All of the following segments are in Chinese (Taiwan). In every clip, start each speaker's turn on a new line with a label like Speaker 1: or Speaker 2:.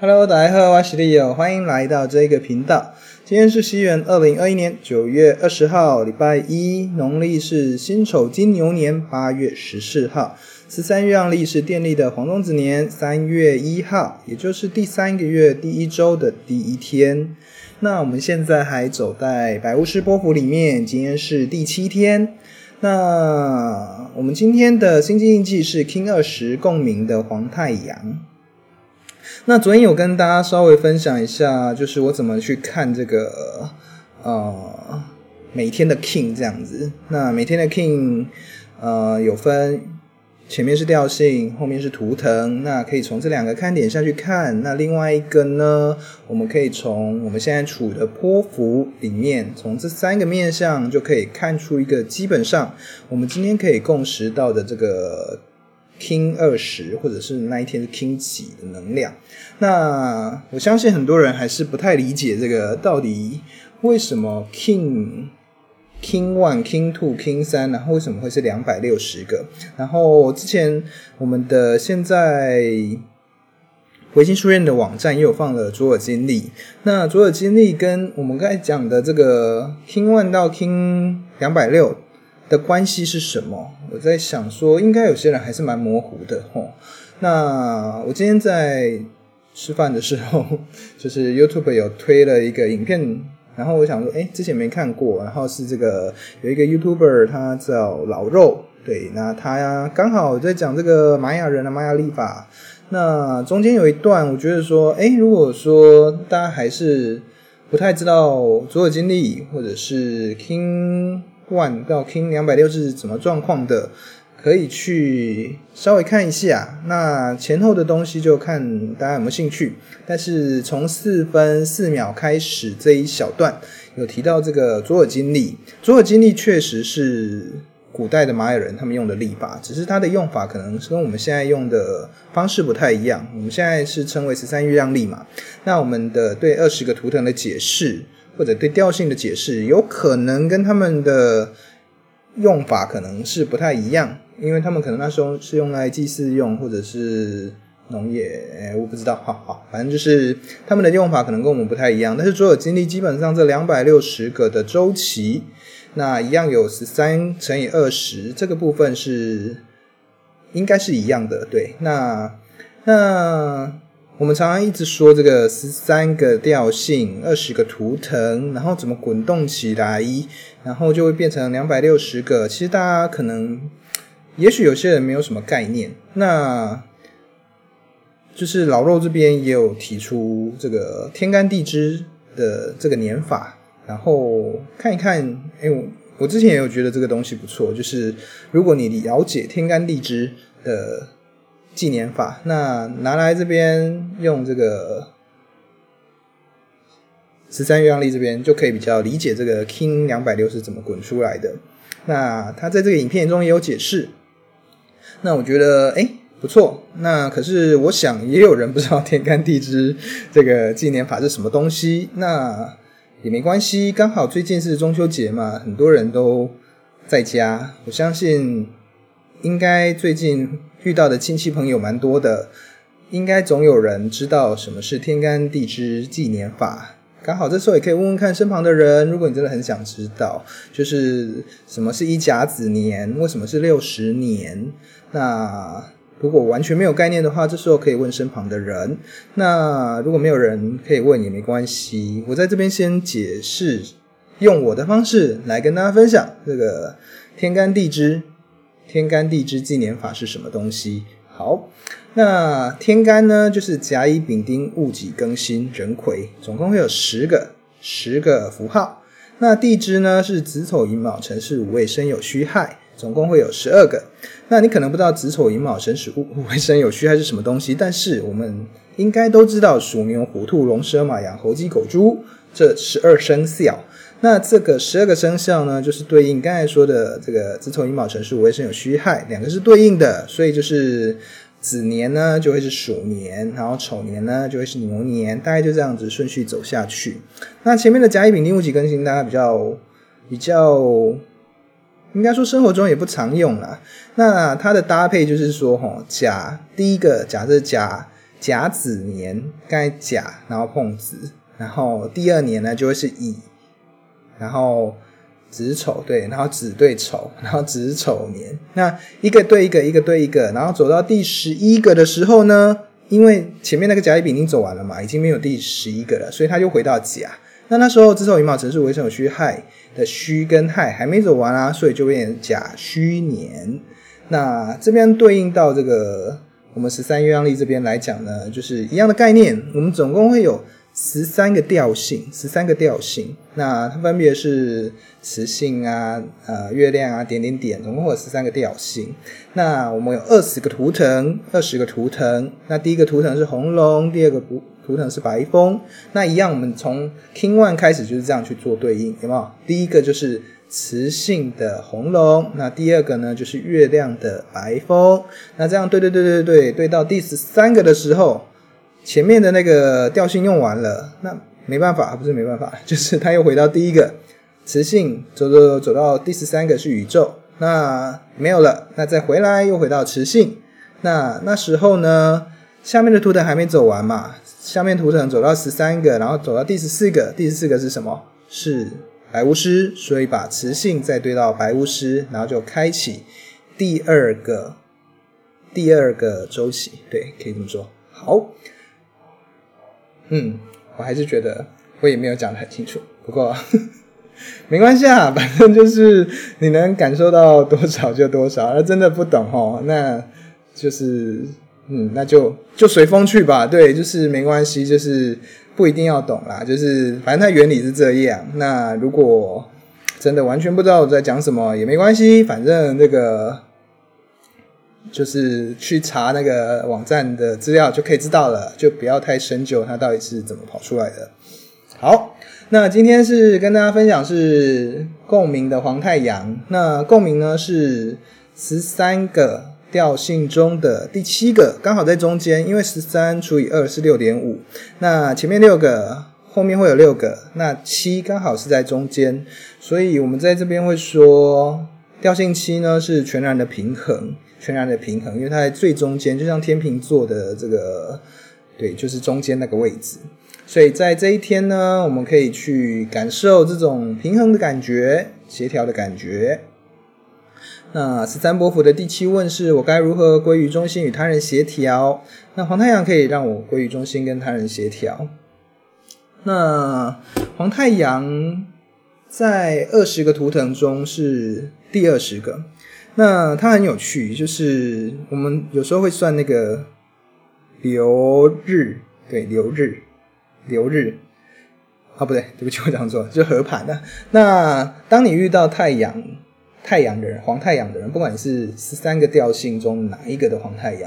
Speaker 1: Hello，大家好，我是利友，歡迎來到這個頻道。今天是西元二零二一年九月二十號，禮拜一，農曆是辛丑金牛年八月十四號，十三月亮曆是電力的黃種子年三月一號，也就是第三個月第一周的第一天。那我們現在還走在白巫師波符裡面，今天是第七天。那我們今天的星際印記是 KIN 二十共鳴的黃太陽。那昨天有跟大家稍微分享一下，就是我怎麼去看這個呃每天的 KIN 這樣子。那每天的 KIN 呃有分前面是調性，後面是圖騰，那可以從這兩個看點下去看。那另外一個呢，我們可以從我們現在處的波符裡面，從這三個面向就可以看出一個基本上我們今天可以共識到的這個。KIN 二十，或者是那一天的 KIN 幾的能量，那我相信很多人還是不太理解這個到底為什麼 KIN KIN One KIN Two KIN 三，然後為什麼會是兩百六十個？然後之前我們的現在維京書院的網站也有放了卓爾金曆，那卓爾金曆跟我們剛才講的這個 KIN One 到 KIN 兩百六。的關係是什麼？我在想說，應該有些人還是蠻模糊的吼。那我今天在吃飯的時候，就是 YouTube 有推了一個影片，然後我想說，誒、欸、之前沒看過。然後是這個有一個 YouTuber，他叫老肉，對，那他呀剛好在講這個瑪雅人的瑪雅曆法。那中間有一段，我覺得說，哎、欸，如果說大家還是不太知道卓爾金曆，或者是聽。萬到 Kin 兩百六是怎麼狀況的？可以去稍微看一下。那前後的東西就看大家有沒有興趣。但是從四分四秒開始這一小段有提到這個卓爾金曆。卓爾金曆確實是古代的瑪雅人他們用的曆法，只是它的用法可能是跟我們現在用的方式不太一樣。我們現在是稱為十三月亮曆嘛。那我們的對二十個圖騰的解釋。或者對調性的解釋，有可能跟他們的用法可能是不太一樣，因為他們可能那時候是用來祭祀用，或者是農業，欸，我不知道，好好，反正就是他們的用法可能跟我們不太一樣。但是所有金曆，基本上這兩百六十個的週期，那一樣有十三乘以二十這個部分是應該是一樣的，對，那那。我們常常一直說這個十三個調性，二十個圖騰，然後怎麼滾動起來，然後就會變成兩百六十個。其實大家可能，也許有些人沒有什麼概念。那就是老肉這邊也有提出這個天干地支的這個年法，然後看一看。哎，我我之前也有覺得這個東西不錯，就是如果你了解天干地支的。紀年法，那拿來這邊用這個十三月亮曆，這邊就可以比較理解這個 King 兩百六是怎麼滾出來的。那他在這個影片中也有解釋。那我覺得，哎、欸，不錯。那可是我想，也有人不知道天干地支這個紀年法是什麼東西。那也沒關係，剛好最近是中秋節嘛，很多人都在家。我相信，應該最近。遇到的親戚朋友蠻多的，應該總有人知道什麼是天干地支紀年法。剛好這時候也可以問問看身旁的人，如果你真的很想知道，就是什麼是一甲子年，為什麼是六十年。那如果完全沒有概念的話，這時候可以問身旁的人。那如果沒有人可以問也沒關係，我在這邊先解釋，用我的方式來跟大家分享這個天干地支。天干地支紀年法是什麼東西？好，那天干呢，就是甲乙丙丁戊己庚辛壬癸，總共會有十個十個符號。那地支呢，是子丑寅卯辰巳午未申酉戌亥。總共會有十二個，那你可能不知道子丑寅卯辰巳午未申酉戌亥是什麼東西，但是我們應該都知道鼠牛虎兔龍蛇馬羊猴雞狗豬這十二生肖。那這個十二個生肖呢，就是對應剛才說的這個子丑寅卯辰巳午未申酉戌亥，兩個是對應的，所以就是子年呢，就會是鼠年，然後丑年呢，就會是牛年，大概就這樣子順序走下去。那前面的甲乙丙丁戊己庚辛，大家，比較比較。比較應該說生活中也不常用啦，那它的搭配就是說，吼，甲第一個假設甲是甲，甲子年，該甲然後碰子，然後第二年呢就會是乙，然後子丑對，然後子對丑，然後子丑年。那一個對一個，一個對一個，然後走到第十一個的時候呢，因為前面那個甲乙丙已經走完了嘛，已經沒有第十一個了，所以它就回到甲。那那時候，這時羽毛城市是為有戌亥的戌跟亥還沒走完啊，所以就變成甲戌年。那這邊對應到這個我們十三月亮曆這邊來講呢，就是一樣的概念。我們總共會有十三個調性，十三個調性。那它分別是磁性啊、呃月亮啊、點點點，總共會有十三個調性。那我們有二十個圖騰，二十個圖騰。那第一個圖騰是紅龍，第二個圖。圖騰是白風，那一樣，我們從 Kin One 開始就是這樣去做對應，有沒有？第一個就是磁性的紅龍，那第二個呢就是月亮的白風，那這樣對對對對對對，到第十三個的時候，前面的那個調性用完了，那沒辦法，不是沒辦法，就是它又回到第一個磁性，走走走，走到第十三個是宇宙，那沒有了，那再回來又回到磁性，那那時候呢？下面的圖騰還沒走完嘛？下面圖騰走到十三個，然後走到第十四個。第十四個是什麼？是白巫師，所以把磁性再堆到白巫師，然後就開啟第二個第二個周期。對，可以這麼說。好，嗯，我還是覺得我也沒有講得很清楚，不過 沒關係啊，反正就是你能感受到多少就多少。那真的不懂哦，那就是。嗯，那就就隨風去吧。對，就是沒關係，就是不一定要懂啦。就是反正它原理是這樣。那如果真的完全不知道我在講什麼也沒關係，反正那個就是去查那個網站的資料就可以知道了，就不要太深究它到底是怎麼跑出來的。好，那今天是跟大家分享是共鳴的黃太陽。那共鳴呢是十三個。調性中的第七個剛好在中間，因為十三除以二是六點五，那前面六個，後面會有六個，那七剛好是在中間，所以我們在這邊會說調性七呢是全然的平衡，全然的平衡，因為它在最中間，就像天秤座的這個，對，就是中間那個位置，所以在這一天呢，我們可以去感受這種平衡的感覺，協調的感覺。那十三波符的第七問是，我該如何歸於中心與他人協調？那黃太陽可以讓我歸於中心跟他人協調。那黃太陽在二十個圖騰中是第二十個。那它很有趣，就是我們有時候會算那個流日，對，流日，流日啊、哦，不對，對不起，我講錯了，就合盤的。那當你遇到太陽。太陽的人，黃太陽的人，不管你是十三個調性中哪一個的黃太陽，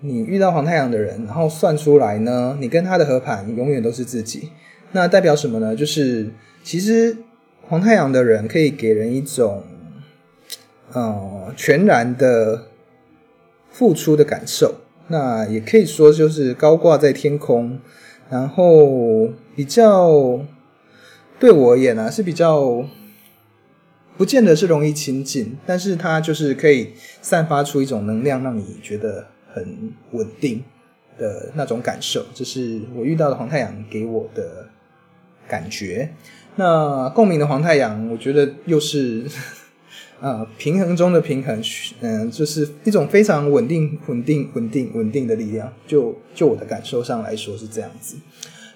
Speaker 1: 你遇到黃太陽的人，然後算出來呢，你跟他的合盤永遠都是自己。那代表什麼呢？就是其實黃太陽的人可以給人一種，呃，全然的付出的感受。那也可以說就是高掛在天空，然後比較，對我而言呢，啊，是比較。不見得是容易親近，但是它就是可以散發出一種能量，讓你覺得很穩定的那種感受，這、就是我遇到的黃太陽給我的感覺。那共鳴的黃太陽，我覺得又是呃平衡中的平衡，嗯、呃，就是一種非常穩定、穩定、穩定、穩定的力量。就就我的感受上來說是這樣子。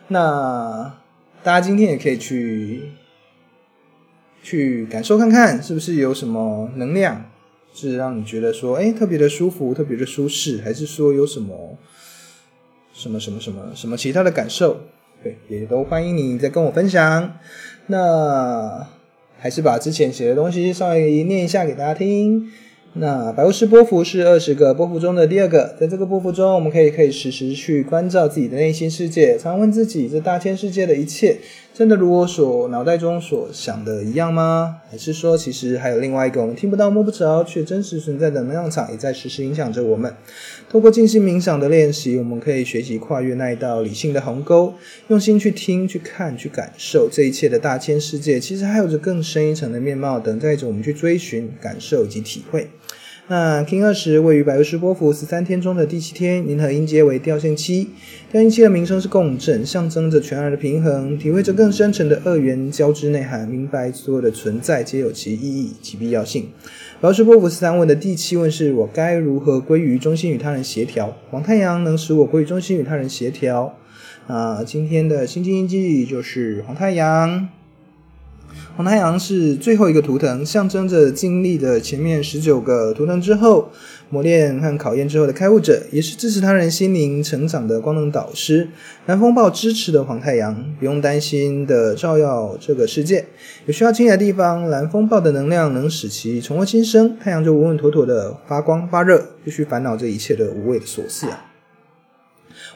Speaker 1: 那大家今天也可以去。去感受看看，是不是有什麼能量，是讓你覺得說，哎、欸，特別的舒服，特別的舒適，還是說有什麼，什麼什麼什麼什麼其他的感受？對，也都歡迎你再跟我分享。那還是把之前寫的東西稍微念一下給大家聽。那白巫師波符是二十個波符中的第二個，在這個波符中，我們可以可以時時去關照自己的內心世界，常問自己：這大千世界的一切，真的如我所腦袋中所想的一樣嗎？還是說，其實還有另外一個我們聽不到、摸不着卻真實存在的能量場，也在時時影響着我們？通過靜心冥想的練習，我們可以學習跨越那一道理性的鴻溝，用心去聽、去看、去感受這一切的大千世界，其實還有着更深一層的面貌，等待着我們去追尋、感受以及體會。那 King 二、er、十位於白巫師波符十三天中的第七天，銀河音階為調性七。調性七的名稱是共振，象徵着全然的平衡，體會着更深層的二元交織內涵，明白所有的存在皆有其意義及必要性。白巫師波符十三問的第七問是，我該如何歸於中心與他人協調？黃太陽能使我歸於中心與他人協調。啊，今天的星際印記就是黃太陽。黃太陽是最後一個圖騰，象徵着經歷了前面十九個圖騰之後磨練和考驗之後的開悟者，也是支持他人心靈成長的光能導師。藍風暴支持的黃太陽，不用擔心的照耀這個世界。有需要清理的地方，藍風暴的能量能使其重獲新生，太陽就穩穩妥妥的發光發熱，不需煩惱這一切的無謂的瑣事啊。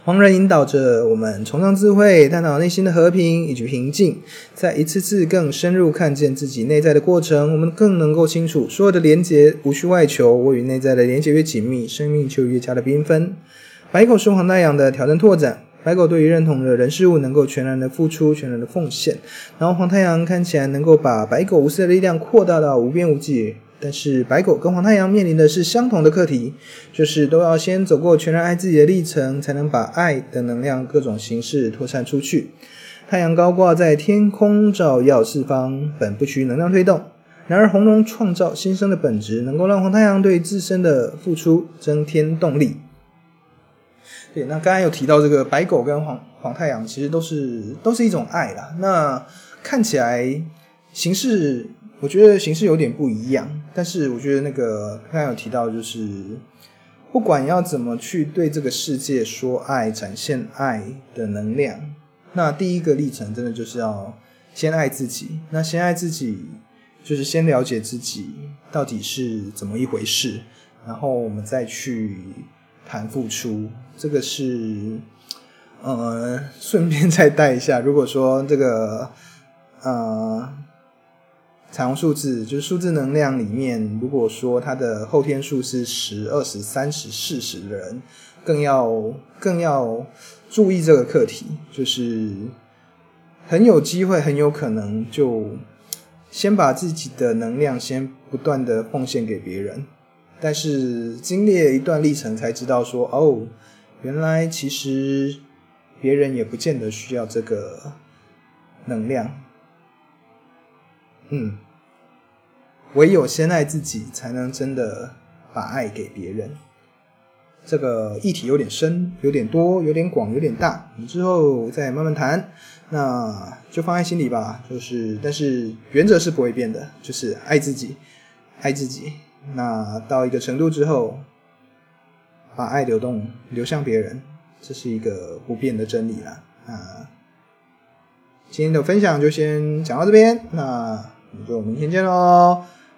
Speaker 1: 黃人引導着我們崇尚智慧，探討內心的和平以及平靜。在一次次更深入看見自己內在的過程，我們更能夠清楚，所有的連接無需外求。我與內在的連接越緊密，生命就越加的繽紛。白狗是黃太陽的挑戰拓展。白狗對於認同的人事物能夠全然的付出，全然的奉獻。然後黃太陽看起來能夠把白狗無私的力量擴大到無邊無際。但是白狗跟黃太陽面臨的是相同的課題，就是都要先走過全然愛自己的歷程，才能把愛的能量各種形式擴散出去。太陽高掛在天空，照耀四方，本不需能量推動。然而紅龍創造新生的本質，能夠讓黃太陽對自身的付出增添動力。對，那剛才有提到這個白狗跟黃黃太陽，其實都是都是一種愛啦。那看起來形式。我覺得形式有點不一樣，但是我覺得那個剛才有提到，就是不管要怎麼去對這個世界說愛，展現愛的能量，那第一個歷程真的就是要先愛自己。那先愛自己，就是先了解自己到底是怎麼一回事，然後我們再去談付出。這個是，呃，順便再帶一下。如果說這個，呃。常用數字就是數字能量裡面，如果說他的後天數是十、二十、三十、四十的人，更要更要注意這個課題，就是很有機會、很有可能就先把自己的能量先不斷的奉獻給別人，但是經歷了一段歷程才知道說，哦，原來其實別人也不見得需要這個能量，嗯。唯有先愛自己，才能真的把愛給別人。這個議題有點深，有點多，有點廣，有點大。之後再慢慢談。那就放在心裡吧。就是，但是原則是不會變的，就是愛自己，愛自己。那到一個程度之後，把愛流動流向別人，這是一個不變的真理了。啊，今天的分享就先講到這邊，那我們就明天見嘍。